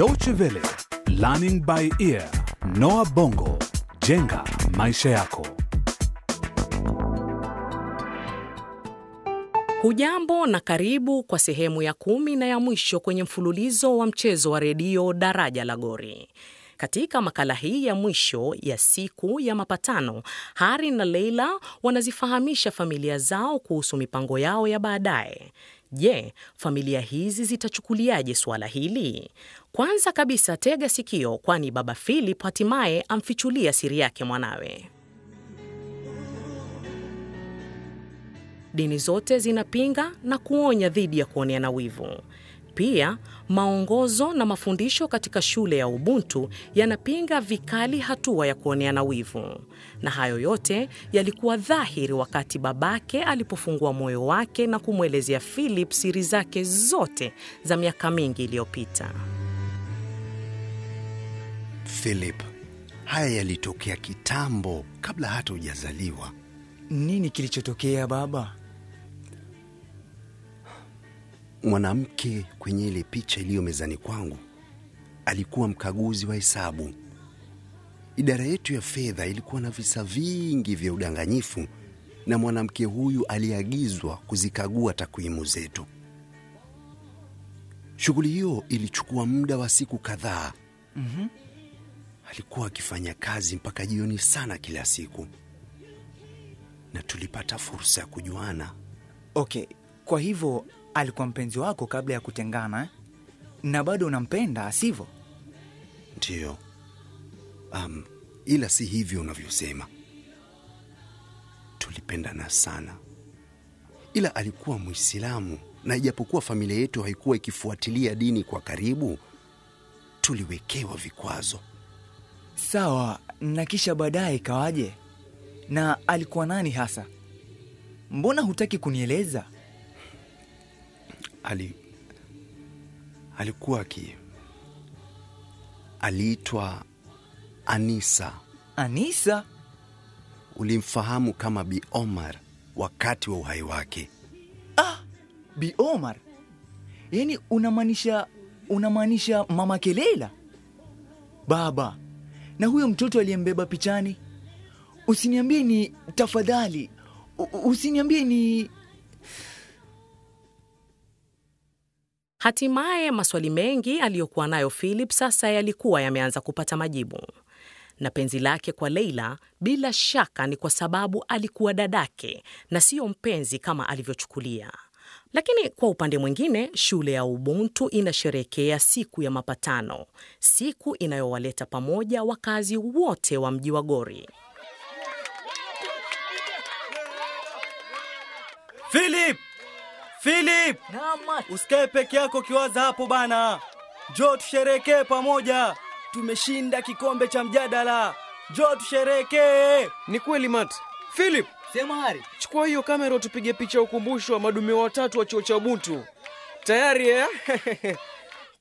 Deutsche Welle, Learning by Ear, Noah Bongo, Jenga Maisha Yako. Hujambo na karibu kwa sehemu ya kumi na ya mwisho kwenye mfululizo wa mchezo wa redio Daraja la Gori. Katika makala hii ya mwisho ya siku ya mapatano, Hari na Leila wanazifahamisha familia zao kuhusu mipango yao ya baadaye. Je, familia hizi zitachukuliaje suala hili? Kwanza kabisa tega sikio, kwani Baba Philip hatimaye amfichulia siri yake mwanawe. Dini zote zinapinga na kuonya dhidi ya kuoneana wivu. Pia maongozo na mafundisho katika shule ya Ubuntu yanapinga vikali hatua ya kuoneana wivu, na hayo yote yalikuwa dhahiri wakati babake alipofungua moyo wake na kumwelezea Philip siri zake zote za miaka mingi iliyopita. Philip, haya yalitokea kitambo, kabla hata hujazaliwa. Nini kilichotokea baba? mwanamke kwenye ile picha iliyo mezani kwangu alikuwa mkaguzi wa hesabu. Idara yetu ya fedha ilikuwa na visa vingi vya udanganyifu, na mwanamke huyu aliagizwa kuzikagua takwimu zetu. Shughuli hiyo ilichukua muda wa siku kadhaa. mm-hmm. Alikuwa akifanya kazi mpaka jioni sana kila siku, na tulipata fursa ya kujuana. Okay, kwa hivyo alikuwa mpenzi wako kabla ya kutengana eh? na bado unampenda sivyo ndio um, ila si hivyo unavyosema tulipendana sana ila alikuwa mwislamu na ijapokuwa familia yetu haikuwa ikifuatilia dini kwa karibu tuliwekewa vikwazo sawa na kisha baadaye ikawaje na alikuwa nani hasa mbona hutaki kunieleza ali, alikuwa aki aliitwa Anisa. Anisa ulimfahamu kama Bi Omar wakati wa uhai wake. Ah, Bi Omar, yaani unamaanisha unamaanisha mama Kelela, baba na huyo mtoto aliyembeba pichani. Usiniambie ni tafadhali, usiniambie ni Hatimaye maswali mengi aliyokuwa nayo Philip sasa yalikuwa yameanza kupata majibu, na penzi lake kwa Leila bila shaka ni kwa sababu alikuwa dadake na siyo mpenzi kama alivyochukulia. Lakini kwa upande mwingine, shule ya Ubuntu inasherekea siku ya mapatano, siku inayowaleta pamoja wakazi wote wa mji wa Gori. Philip! Philip, usikae peke yako kiwaza hapo bana. Njoo tusherekee pamoja. Tumeshinda kikombe cha mjadala. Njoo tusherekee. Ni kweli Mat. Philip, sema hari. Chukua hiyo kamera utupige picha ukumbusho wa madume watatu wa chuo cha Ubuntu. Tayari eh?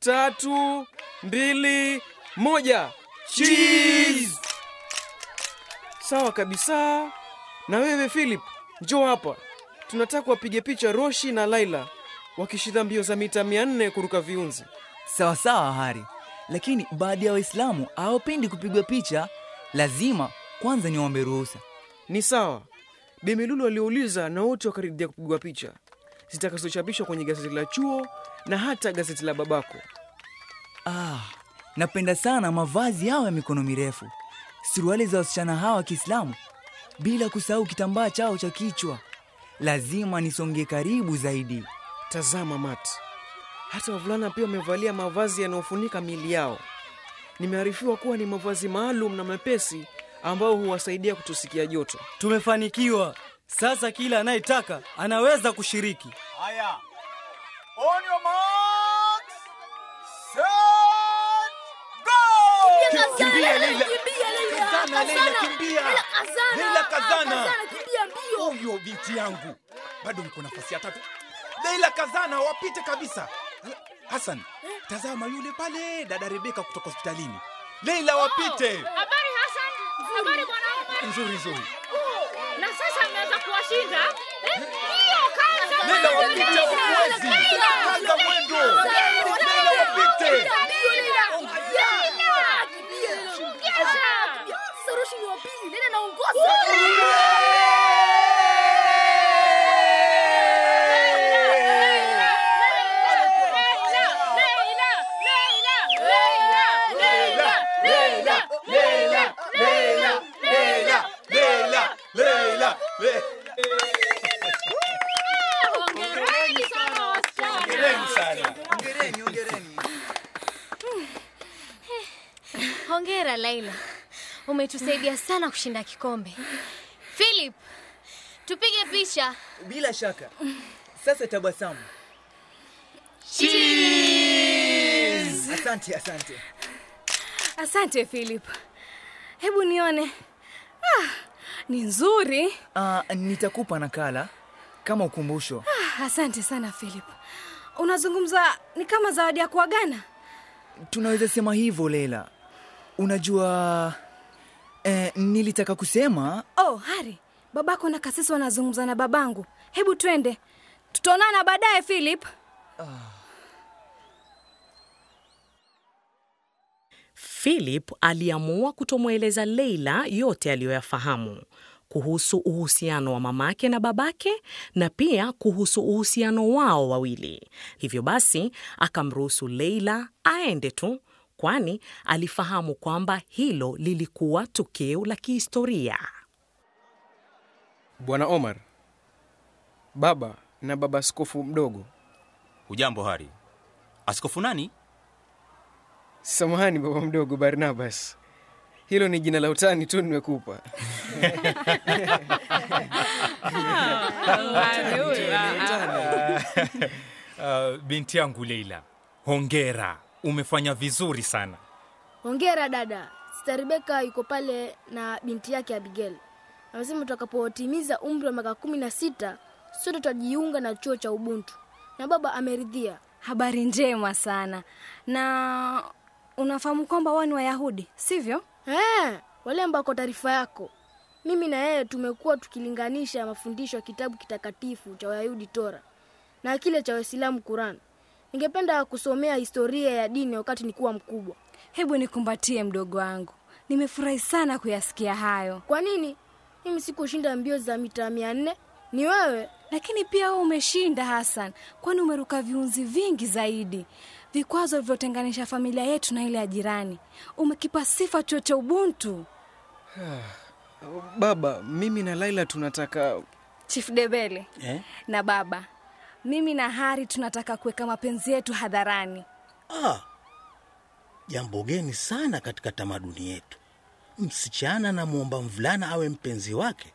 Tatu, mbili, moja. Cheese! Sawa kabisa. Na wewe Philip, njoo hapa tunataka wapige picha Roshi na Laila wakishidha mbio za mita nne kuruka viunzi. Sawa sawa, Hari, lakini baadhi ya Waislamu hawapendi kupigwa picha. Lazima kwanza niwaombe ruhusa. Ni sawa. bemelulu Lulu na wote wakaridhia kupigwa picha zitakazochapishwa kwenye gazeti la chuo na hata gazeti la babako. Ah, napenda sana mavazi yao ya mikono mirefu, suruali za wasichana hawa wa Kiislamu, bila kusahau kitambaa chao cha kichwa lazima nisonge karibu zaidi. Tazama Mat, hata wavulana pia wamevalia mavazi yanayofunika mili yao. Nimearifiwa kuwa ni mavazi maalum na mepesi ambao huwasaidia kutusikia joto. Tumefanikiwa sasa, kila anayetaka anaweza kushiriki. Haya, on your set, go! kazana ovyo binti yangu, bado mko nafasi ya tatu. Leila Kazana wapite kabisa. Hasan, tazama yule pale dada Rebeka kutoka hospitalini. Leila oh, wapite. Oh, Hasan. Habari bwana Omar. Nzuri nzuri. na sasa ameanza eh, kuwashinda. wapite mwendo. Leila wapite. ni naongoza. umetusaidia sana kushinda kikombe. Philip, tupige picha. Bila shaka. Sasa tabasamu. Asante, asante. Asante Philip. Hebu nione. Ah, ni nzuri. Ah, nitakupa nakala kama ukumbusho. Ah, asante sana Philip. Unazungumza ni kama zawadi ya kuagana? Tunaweza sema hivyo lela Unajua Eh, nilitaka kusema oh hari babako na kasisi wanazungumza na babangu hebu twende tutaonana baadaye philip oh. philip aliamua kutomweleza leila yote aliyoyafahamu kuhusu uhusiano wa mamake na babake na pia kuhusu uhusiano wao wawili. Hivyo basi akamruhusu Leila aende tu kwani alifahamu kwamba hilo lilikuwa tukio la kihistoria. Bwana Omar, baba na baba askofu mdogo. Hujambo Hari. Askofu nani? Samahani baba mdogo Barnabas, hilo ni jina la utani tu nimekupa. Uh, binti yangu Leila, hongera umefanya vizuri sana. Hongera dada. Sista Rebeka yuko pale na binti yake Abigail. Amesema tutakapotimiza umri wa miaka kumi na sita sote tutajiunga na chuo cha Ubuntu, na baba ameridhia. Habari njema sana. Na unafahamu kwamba wao ni Wayahudi, sivyo? Eh, wale ambao kwa taarifa yako mimi na yeye tumekuwa tukilinganisha mafundisho ya kitabu kitakatifu cha Wayahudi Tora na kile cha Waislamu Kurani. Ningependa kusomea historia ya dini wakati kuwa mkubwa. Hebu nikumbatie mdogo wangu, nimefurahi sana kuyasikia hayo. Kwa nini? Mimi sikushinda mbio za mita mia nne, ni wewe. Lakini pia wewe umeshinda Hasan, kwani umeruka viunzi vingi zaidi. Vikwazo vilivyotenganisha familia yetu na ile ya jirani, umekipa sifa chuo cha Ubuntu. Baba, mimi na Laila tunataka Chief Debele eh? na baba mimi na hari tunataka kuweka mapenzi yetu hadharani ah, jambo geni sana katika tamaduni yetu msichana namwomba mvulana awe mpenzi wake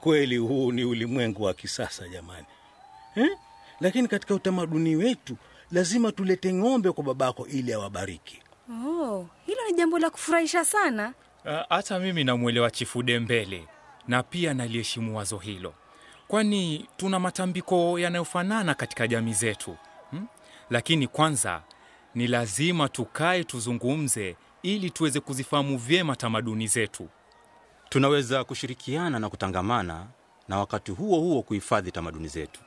kweli huu ni ulimwengu wa kisasa jamani eh? lakini katika utamaduni wetu lazima tulete ng'ombe kwa babako ili awabariki oh, hilo ni jambo la kufurahisha sana ah, hata uh, mimi namwelewa chifu dembele na pia naliheshimu wazo hilo kwani tuna matambiko yanayofanana katika jamii zetu hmm? Lakini kwanza ni lazima tukae tuzungumze, ili tuweze kuzifahamu vyema tamaduni zetu. Tunaweza kushirikiana na kutangamana na wakati huo huo kuhifadhi tamaduni zetu.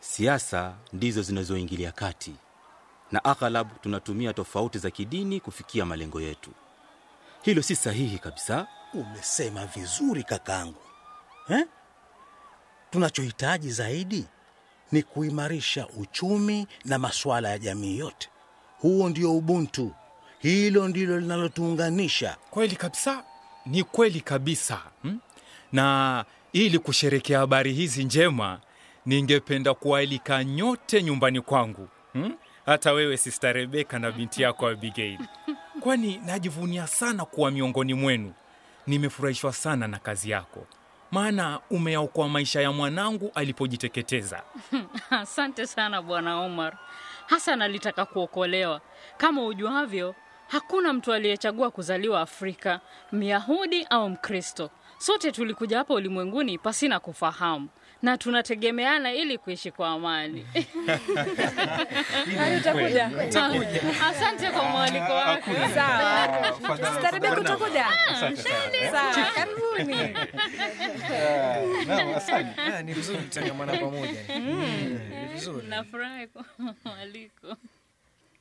Siasa ndizo zinazoingilia kati, na aghalabu tunatumia tofauti za kidini kufikia malengo yetu. Hilo si sahihi kabisa. Umesema vizuri kakangu, eh? Tunachohitaji zaidi ni kuimarisha uchumi na masuala ya jamii yote. Huo ndio ubuntu, hilo ndilo linalotuunganisha. Kweli kabisa, ni kweli kabisa hmm? Na ili kusherekea habari hizi njema, ningependa kualika nyote nyumbani kwangu hmm? Hata wewe Sista Rebeka na binti yako Abigail, kwani najivunia sana kuwa miongoni mwenu. Nimefurahishwa sana na kazi yako maana umeyaokoa maisha ya mwanangu alipojiteketeza. Asante sana Bwana Omar. Hasan alitaka kuokolewa. Kama ujuavyo, hakuna mtu aliyechagua kuzaliwa Afrika, Myahudi au Mkristo. Sote tulikuja hapa ulimwenguni pasina kufahamu na tunategemeana ili kuishi kwa amani. asante kwa mwaliko wako. kutokuja. Ah, eh? Karibuni. Eh, ah, mm. eh, nafurahi kwa mwaliko.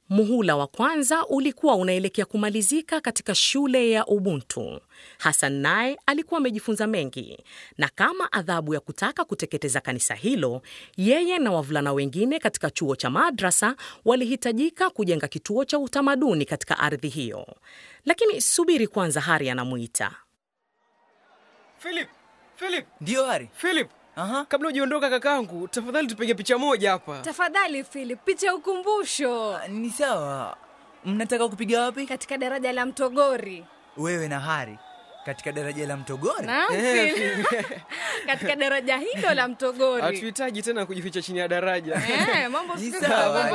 Muhula wa kwanza ulikuwa unaelekea kumalizika katika shule ya Ubuntu. Hassan naye alikuwa amejifunza mengi, na kama adhabu ya kutaka kuteketeza kanisa hilo, yeye na wavulana wengine katika chuo cha madrasa walihitajika kujenga kituo cha utamaduni katika ardhi hiyo. Lakini subiri kwanza, Hari anamuita Philip. Philip. Hari. Philip. Aha. Kabla hujaondoka kakangu, tafadhali tupige picha moja hapa. Tafadhali Philip, picha ya ukumbusho. Ah, ni sawa. Mnataka kupiga wapi? Katika daraja la Mtogori. Wewe na Hari katika daraja la Mtogori. Eh, katika daraja hilo la Mtogori. Hatuhitaji tena kujificha chini ya daraja. Eh, mambo sawa.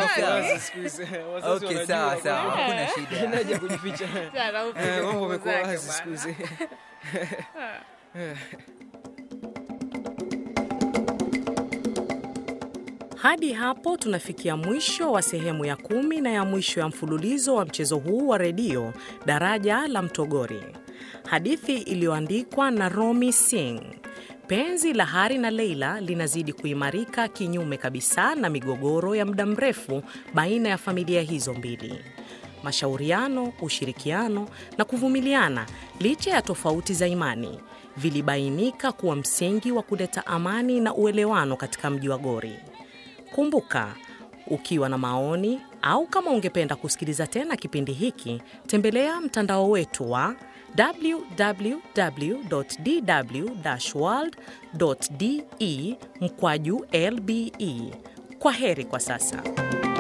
Okay, sawa sawa. Hakuna eh. shida. Naja kujificha. Eh, mambo yamekuwa wazi siku hizi. Hadi hapo tunafikia mwisho wa sehemu ya kumi na ya mwisho ya mfululizo wa mchezo huu wa redio Daraja la Mtogori, hadithi iliyoandikwa na Romi Singh. Penzi la Hari na Leila linazidi kuimarika kinyume kabisa na migogoro ya muda mrefu baina ya familia hizo mbili. Mashauriano, ushirikiano na kuvumiliana licha ya tofauti za imani vilibainika kuwa msingi wa kuleta amani na uelewano katika mji wa Gori. Kumbuka, ukiwa na maoni au kama ungependa kusikiliza tena kipindi hiki, tembelea mtandao wetu wa wwwdw e mkwaju lbe. Kwa heri kwa sasa.